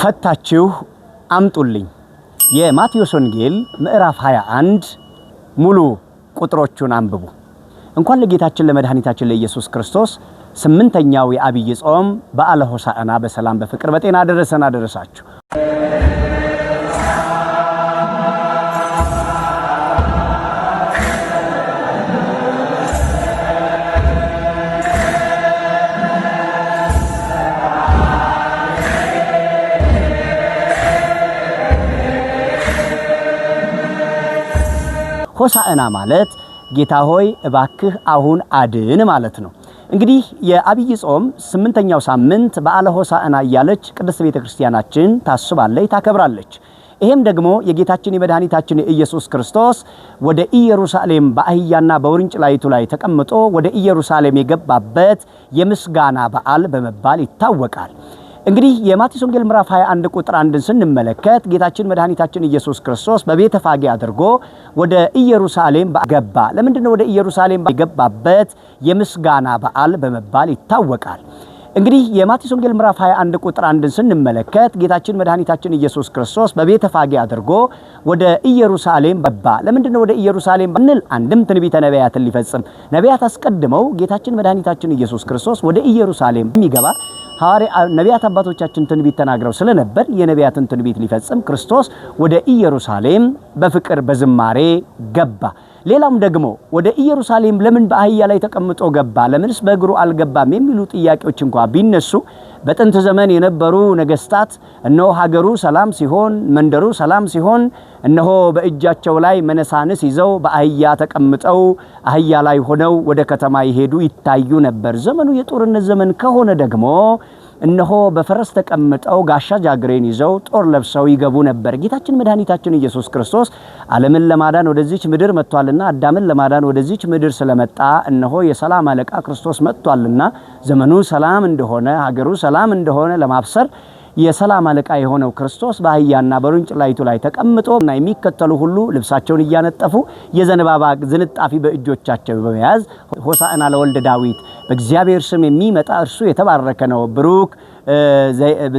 ፈታችሁ አምጡልኝ። የማቴዎስ ወንጌል ምዕራፍ 21 ሙሉ ቁጥሮቹን አንብቡ። እንኳን ለጌታችን ለመድኃኒታችን ለኢየሱስ ክርስቶስ ስምንተኛው የአብይ ጾም በዓለ ሆሳዕና በሰላም በፍቅር በጤና አደረሰን አደረሳችሁ። ሆሳዕና ማለት ጌታ ሆይ እባክህ አሁን አድን ማለት ነው። እንግዲህ የአብይ ጾም ስምንተኛው ሳምንት በዓለ ሆሳዕና እያለች ቅድስት ቤተ ክርስቲያናችን ታስባለች፣ ታከብራለች። ይሄም ደግሞ የጌታችን የመድኃኒታችን የኢየሱስ ክርስቶስ ወደ ኢየሩሳሌም በአህያና በውርንጭላይቱ ላይ ተቀምጦ ወደ ኢየሩሳሌም የገባበት የምስጋና በዓል በመባል ይታወቃል። እንግዲህ የማቴዎስ ወንጌል ምዕራፍ 21 ቁጥር አንድን ስንመለከት ጌታችን መድኃኒታችን ኢየሱስ ክርስቶስ በቤተ ፋጌ አድርጎ ወደ ኢየሩሳሌም ገባ። ለምንድን ነው ወደ ኢየሩሳሌም የገባበት? የምስጋና በዓል በመባል ይታወቃል። እንግዲህ የማቴዎስ ወንጌል ምዕራፍ 21 ቁጥር አንድን ስንመለከት ጌታችን መድኃኒታችን ኢየሱስ ክርስቶስ በቤተ ፋጌ አድርጎ ወደ ኢየሩሳሌም ገባ። ለምንድን ነው ወደ ኢየሩሳሌም ባንል አንድም ትንቢተ ነቢያትን ሊፈጽም ነቢያት አስቀድመው ጌታችን መድኃኒታችን ኢየሱስ ክርስቶስ ወደ ኢየሩሳሌም የሚገባ ነቢያት አባቶቻችን ትንቢት ተናግረው ስለነበር የነቢያትን ትንቢት ሊፈጽም ክርስቶስ ወደ ኢየሩሳሌም በፍቅር በዝማሬ ገባ። ሌላም ደግሞ ወደ ኢየሩሳሌም ለምን በአህያ ላይ ተቀምጦ ገባ? ለምንስ በእግሩ አልገባም? የሚሉ ጥያቄዎች እንኳ ቢነሱ በጥንት ዘመን የነበሩ ነገስታት እነሆ ሀገሩ ሰላም ሲሆን፣ መንደሩ ሰላም ሲሆን፣ እነሆ በእጃቸው ላይ መነሳንስ ይዘው በአህያ ተቀምጠው አህያ ላይ ሆነው ወደ ከተማ ይሄዱ ይታዩ ነበር። ዘመኑ የጦርነት ዘመን ከሆነ ደግሞ እነሆ በፈረስ ተቀምጠው ጋሻ ጃግሬን ይዘው ጦር ለብሰው ይገቡ ነበር። ጌታችን መድኃኒታችን ኢየሱስ ክርስቶስ ዓለምን ለማዳን ወደዚች ምድር መጥቷልና አዳምን ለማዳን ወደዚች ምድር ስለመጣ እነሆ የሰላም አለቃ ክርስቶስ መጥቷልና ዘመኑ ሰላም እንደሆነ ሀገሩ ሰላም እንደሆነ ለማብሰር የሰላም አለቃ የሆነው ክርስቶስ በአህያና በውርንጭላይቱ ላይ ተቀምጦ እና የሚከተሉ ሁሉ ልብሳቸውን እያነጠፉ የዘንባባ ዝንጣፊ በእጆቻቸው በመያዝ ሆሳዕና ለወልደ ዳዊት በእግዚአብሔር ስም የሚመጣ እርሱ የተባረከ ነው ብሩክ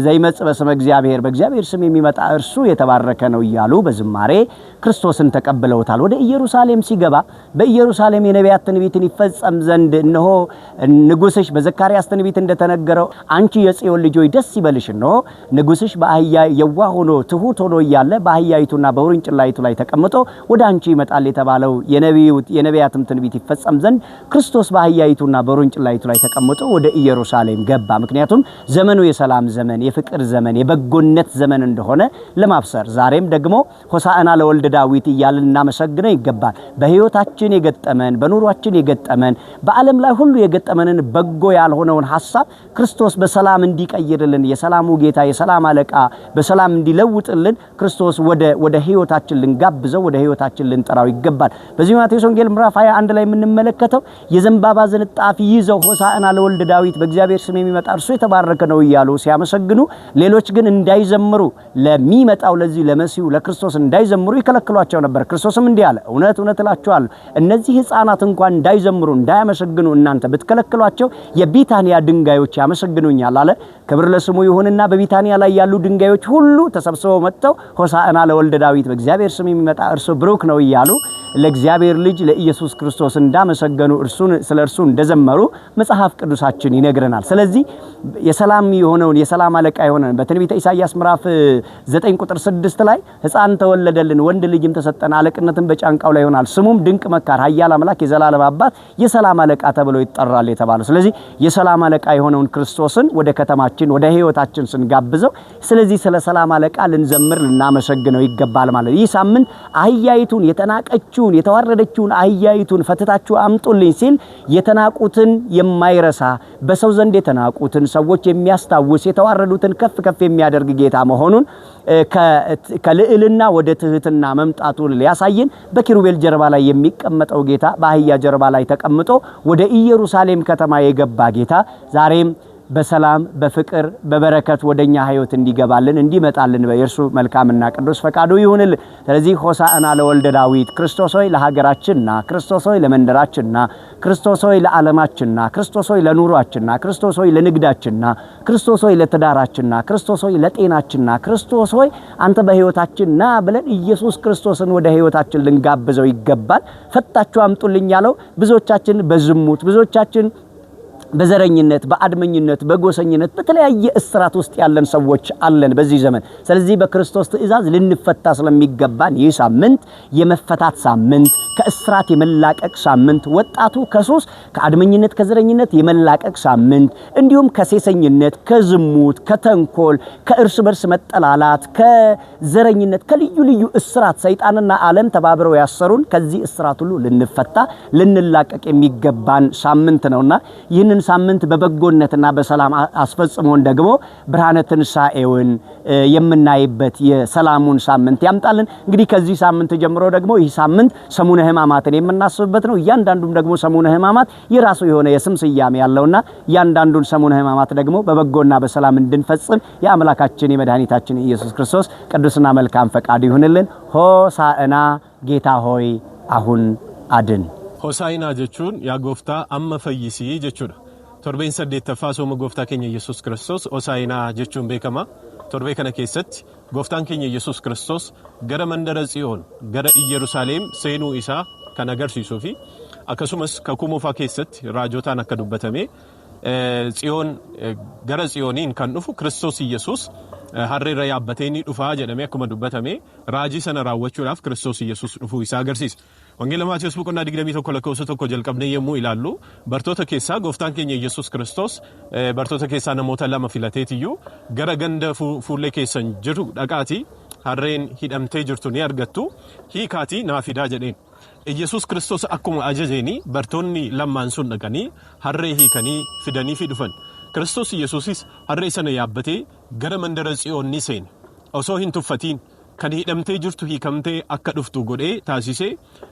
ዘይመጽእ በስመ እግዚአብሔር በእግዚአብሔር ስም የሚመጣ እርሱ የተባረከ ነው እያሉ በዝማሬ ክርስቶስን ተቀብለውታል። ወደ ኢየሩሳሌም ሲገባ በኢየሩሳሌም የነቢያት ትንቢትን ይፈጸም ዘንድ እነሆ ንጉሥሽ በዘካርያስ ትንቢት እንደተነገረው አንቺ የጽዮን ልጆች ደስ ይበልሽ፣ እነሆ ንጉሥሽ በአህያ የዋህ ሆኖ ትሑት ሆኖ እያለ በአህያይቱና በውርንጭላይቱ ላይ ተቀምጦ ወደ አንቺ ይመጣል የተባለው የነቢያትም ትንቢት ይፈጸም ዘንድ ክርስቶስ በአህያይቱና በውርንጭላይቱ ላይ ተቀምጦ ወደ ኢየሩሳሌም ገባ። ምክንያቱም ዘመን ዘመኑ የሰላም ዘመን፣ የፍቅር ዘመን፣ የበጎነት ዘመን እንደሆነ ለማብሰር ዛሬም ደግሞ ሆሳዕና ለወልድ ዳዊት እያልን እናመሰግነው ይገባል። በህይወታችን የገጠመን በኑሯችን የገጠመን በዓለም ላይ ሁሉ የገጠመንን በጎ ያልሆነውን ሀሳብ ክርስቶስ በሰላም እንዲቀይርልን የሰላሙ ጌታ የሰላም አለቃ በሰላም እንዲለውጥልን ክርስቶስ ወደ ህይወታችን ልንጋብዘው ወደ ህይወታችን ልንጠራው ይገባል። በዚህ ማቴዎስ ወንጌል ምዕራፍ 21 ላይ የምንመለከተው የዘንባባ ዝንጣፊ ይዘው ሆሳዕና ለወልድ ዳዊት በእግዚአብሔር ስም የሚመጣ እርሱ የተባረከ ነው እያሉ ሲያመሰግኑ፣ ሌሎች ግን እንዳይዘምሩ ለሚመጣው ለዚህ ለመሲሁ ለክርስቶስ እንዳይዘምሩ ይከለክሏቸው ነበር። ክርስቶስም እንዲህ አለ፣ እውነት እውነት እላችኋለሁ እነዚህ ሕፃናት እንኳን እንዳይዘምሩ እንዳያመሰግኑ እናንተ ብትከለክሏቸው የቢታንያ ድንጋዮች ያመሰግኑኛል አለ። ክብር ለስሙ ይሁንና በቢታንያ ላይ ያሉ ድንጋዮች ሁሉ ተሰብስበው መጥተው ሆሳዕና ለወልደ ዳዊት በእግዚአብሔር ስም የሚመጣ እርሱ ብሩክ ነው እያሉ ለእግዚአብሔር ልጅ ለኢየሱስ ክርስቶስ እንዳመሰገኑ እርሱን ስለ እርሱ እንደዘመሩ መጽሐፍ ቅዱሳችን ይነግረናል። ስለዚህ የሰላም የሆነውን የሰላም አለቃ የሆነን በትንቢተ ኢሳይያስ ምዕራፍ 9 ቁጥር 6 ላይ ሕፃን ተወለደልን፣ ወንድ ልጅም ተሰጠን፣ አለቅነትን በጫንቃው ላይ ይሆናል፣ ስሙም ድንቅ መካር፣ ኃያል አምላክ፣ የዘላለም አባት፣ የሰላም አለቃ ተብሎ ይጠራል የተባለው። ስለዚህ የሰላም አለቃ የሆነውን ክርስቶስን ወደ ከተማችን ወደ ህይወታችን ስንጋብዘው ስለዚህ ስለ ሰላም አለቃ ልንዘምር ልናመሰግነው ይገባል ማለት ይህ ሳምንት አህያይቱን የተናቀች የወረደችውን የተዋረደችውን አህያይቱን ፈትታችሁ አምጡልኝ ሲል የተናቁትን የማይረሳ በሰው ዘንድ የተናቁትን ሰዎች የሚያስታውስ የተዋረዱትን ከፍ ከፍ የሚያደርግ ጌታ መሆኑን ከልዕልና ወደ ትህትና መምጣቱን ሊያሳየን በኪሩቤል ጀርባ ላይ የሚቀመጠው ጌታ በአህያ ጀርባ ላይ ተቀምጦ ወደ ኢየሩሳሌም ከተማ የገባ ጌታ ዛሬም በሰላም በፍቅር በበረከት ወደኛ ህይወት እንዲገባልን እንዲመጣልን የእርሱ መልካምና ቅዱስ ፈቃዱ ይሁንልን። ስለዚህ ሆሳዕና ለወልደ ዳዊት ክርስቶስ ሆይ ለሀገራችንና፣ ክርስቶስ ሆይ ለመንደራችንና፣ ክርስቶስ ሆይ ለዓለማችንና፣ ክርስቶስ ሆይ ለኑሯችንና፣ ክርስቶስ ሆይ ለንግዳችንና፣ ክርስቶስ ሆይ ለትዳራችንና፣ ክርስቶስ ሆይ ለጤናችንና፣ ክርስቶስ ሆይ አንተ በህይወታችንና ብለን ኢየሱስ ክርስቶስን ወደ ህይወታችን ልንጋብዘው ይገባል። ፈታችሁ አምጡልኝ ያለው ብዙዎቻችን በዝሙት ብዙዎቻችን በዘረኝነት፣ በአድመኝነት፣ በጎሰኝነት በተለያየ እስራት ውስጥ ያለን ሰዎች አለን በዚህ ዘመን። ስለዚህ በክርስቶስ ትእዛዝ ልንፈታ ስለሚገባን ይህ ሳምንት የመፈታት ሳምንት፣ ከእስራት የመላቀቅ ሳምንት፣ ወጣቱ ከሱስ ከአድመኝነት፣ ከዘረኝነት የመላቀቅ ሳምንት እንዲሁም ከሴሰኝነት፣ ከዝሙት፣ ከተንኮል፣ ከእርስ በርስ መጠላላት፣ ከዘረኝነት፣ ከልዩ ልዩ እስራት ሰይጣንና ዓለም ተባብረው ያሰሩን ከዚህ እስራት ሁሉ ልንፈታ ልንላቀቅ የሚገባን ሳምንት ነውና ይህንን ይህንን ሳምንት በበጎነትና በሰላም አስፈጽሞን ደግሞ ብርሃነ ትንሣኤውን የምናይበት የሰላሙን ሳምንት ያምጣልን። እንግዲህ ከዚህ ሳምንት ጀምሮ ደግሞ ይህ ሳምንት ሰሙነ ሕማማትን የምናስብበት ነው። እያንዳንዱም ደግሞ ሰሙነ ሕማማት የራሱ የሆነ የስም ስያሜ ያለውና እያንዳንዱን ሰሙነ ሕማማት ደግሞ በበጎና በሰላም እንድንፈጽም የአምላካችን የመድኃኒታችን ኢየሱስ ክርስቶስ ቅዱስና መልካም ፈቃዱ ይሁንልን። ሆሳዕና ጌታ ሆይ አሁን አድን ሆሳይና ጀቹን ያጎፍታ አመፈይሲ ጀቹ torbeen saddeettaffaa sooma gooftaa keenya yesus kiristoos osaayinaa jechuun beekama torbee kana keessatti gooftaan keenya yesus kiristoos gara mandara tsiyoon gara iyerusaaleem seenuu isaa kan agarsiisuu fi akkasumas kakumoofaa keessatti raajotaan akka dubbatame tsiyoon gara tsiyooniin kan dhufu kiristoos yesus Eh, harreerra yaabbatee ni dhufaa jedhamee akkuma dubbatame raajii sana raawwachuudhaaf kiristoos yesus dhufuu isaa agarsiisa. Wangeela lamaatii boqonnaa 21 lakkoofsa tokko jalqabnee yommuu ilaallu bartoota keessaa gooftaan keenya yesus kiristoos eh, bartoota keessaa namoota lama filateetiyyuu gara ganda fuullee keessan jiru dhaqaati harreen hidhamtee jirtu ni argattu hiikaatii naafidaa jedheen. yesus kiristoos akkuma ajajeeni bartoonni lammaan sun dhaqanii harree hiikanii fidanii dhufan. kiristoos yesuusis harree sana yaabbatee gara mandara tsiyoonni seene osoo hin tuffatiin kan hidhamtee jirtu hiikamtee akka dhuftu godhee taasisee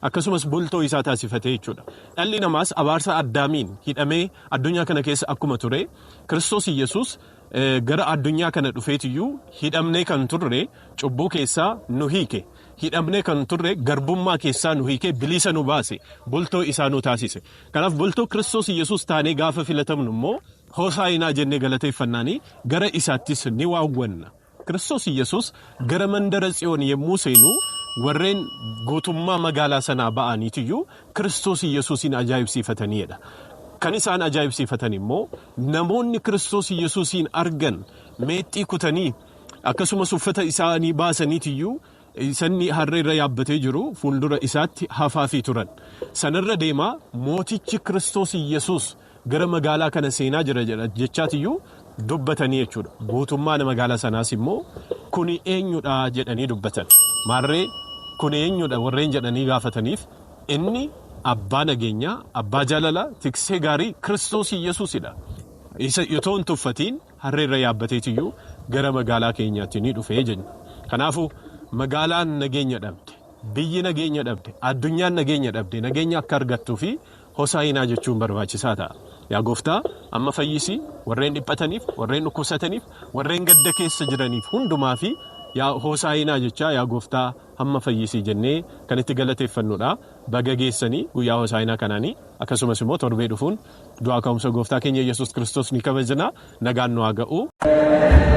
akkasumas boltoo isaa taasifatee jechuudha dhalli namaas abaarsa addaamiin hidhamee addunyaa kana keessa akkuma ture kiristoos yesuus gara addunyaa kana dhufeetiyyuu hidhamnee kan turre cubbuu keessaa nu hiike. hidhamnee kan turre garbummaa keessaa nu hiike biliisa nu baase boltoo isaa nu taasise kanaaf boltoo kiristoos yesuus taanee gaafa filatamnu immoo ሆሳይና ጀኔ ገለቴ ፈናኒ ገረ ኢሳቲስ ኒዋወና ክርስቶስ ኢየሱስ ገረ መንደረ ጽዮን የሙሴኑ ወሬን ጎቱማ መጋላ ሰና በአኒትዩ ክርስቶስ ኢየሱሲን አጃይብሲፈተኒየዳ ከኒሳን አጃይብሲፈተን እሞ ነሞኒ ክርስቶስ ኢየሱሲን አርገን ሜጢ ኩተኒ akkasumas uffata isaanii baasaniitiyyuu sanni harree irra yaabbatee jiru fuuldura isaatti hafaafii turan sanarra deemaa mootichi kiristoos yesus gara magaalaa kana seenaa jira jedha jechaatiyyuu dubbatanii jechuudha. Guutummaan magaalaa sanaas immoo kuni eenyudha jedhanii dubbatan. Maarree kun eenyudha warreen jedhanii gaafataniif inni abbaa nageenyaa, abbaa jaalalaa, tiksee gaarii kiristoos yesuusidha. Isa utoon tuffatiin harreerra yaabbateetiyyuu gara magaalaa keenyaatti ni dhufee jenna. Kanaafuu magaalaan nageenya dhabde, biyyi nageenya dhabde, addunyaan nageenya dhabde, nageenya akka argattuu fi Hosaayinaa jechuun barbaachisaa ta'a. Yaa gooftaa hamma fayyisii warreen dhiphataniif warreen dhukkubsataniif warreen gadda keessa jiraniif hundumaa fi yaa hosaa'inaa jechaa yaa gooftaa hamma fayyisii jennee kan itti galateeffannudha. Baga geessanii guyyaa hosaayinaa kanaanii akkasumas immoo torbee dhufuun du'aa ka'umsa gooftaa keenya yesus kristos ni kabajna nagaan nu haa ga'u.